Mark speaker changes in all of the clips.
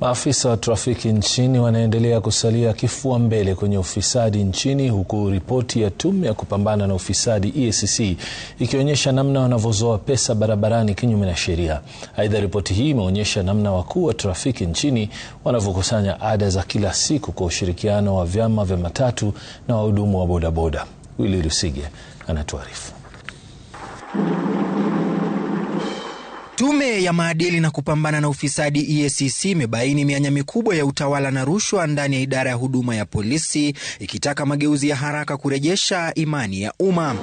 Speaker 1: Maafisa wa trafiki nchini wanaendelea kusalia kifua mbele kwenye ufisadi nchini huku ripoti ya tume ya kupambana na ufisadi EACC ikionyesha namna wanavyozoa pesa barabarani kinyume na sheria. Aidha, ripoti hii imeonyesha namna wakuu wa trafiki nchini wanavyokusanya ada za kila siku kwa ushirikiano wa vyama vya matatu na wahudumu wa bodaboda. Willy Lusige anatuarifu.
Speaker 2: Tume ya maadili na kupambana na ufisadi EACC imebaini mianya mikubwa ya utawala na rushwa ndani ya idara ya huduma ya polisi ikitaka mageuzi ya haraka kurejesha imani ya umma.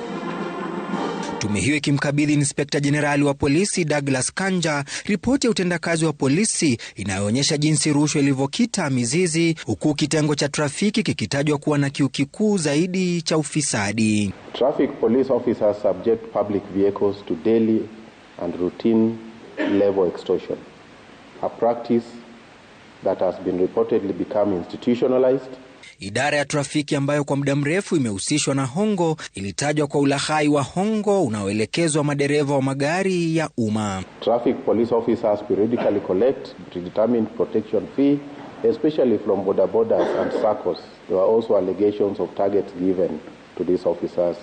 Speaker 2: Tume hiyo ikimkabidhi inspekta jenerali wa polisi Douglas Kanja ripoti ya utendakazi wa polisi inayoonyesha jinsi rushwa ilivyokita mizizi, huku kitengo cha trafiki kikitajwa kuwa na kiu kikuu zaidi cha ufisadi.
Speaker 3: Traffic police officers subject public vehicles to daily and routine level extortion, a practice that has been reportedly become institutionalized.
Speaker 2: Idara ya trafiki ambayo kwa muda mrefu imehusishwa na hongo ilitajwa kwa ulahai wa hongo unaoelekezwa madereva wa magari ya umma.
Speaker 3: Traffic police officers periodically collect predetermined protection fee especially from border borders and SACCOs. There are also allegations of targets given to these officers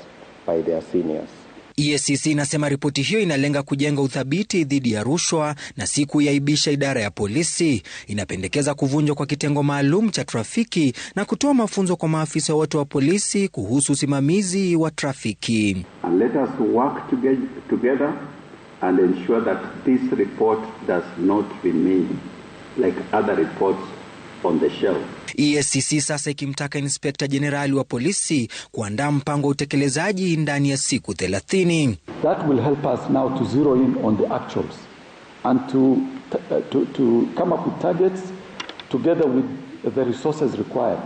Speaker 3: by their seniors.
Speaker 2: EACC inasema ripoti hiyo inalenga kujenga uthabiti dhidi ya rushwa na si kuiaibisha idara ya polisi. Inapendekeza kuvunjwa kwa kitengo maalum cha trafiki na kutoa mafunzo kwa maafisa wote wa polisi kuhusu usimamizi wa trafiki.
Speaker 3: Like on the shelf.
Speaker 2: EACC sasa ikimtaka inspekta jenerali wa polisi kuandaa mpango wa utekelezaji ndani ya siku 30.
Speaker 4: That will help us now to zero in on the actuals and to, uh, to, to come up with targets together with the resources required.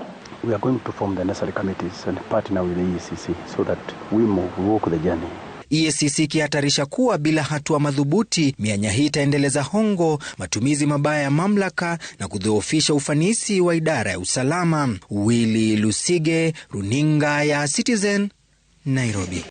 Speaker 5: We are going to form the necessary committees and partner with the EACC so that we move, walk the journey.
Speaker 2: EACC ikihatarisha kuwa bila hatua madhubuti, mianya hii itaendeleza hongo, matumizi mabaya ya mamlaka na kudhoofisha ufanisi wa idara ya usalama. Willy Lusige, runinga ya Citizen, Nairobi.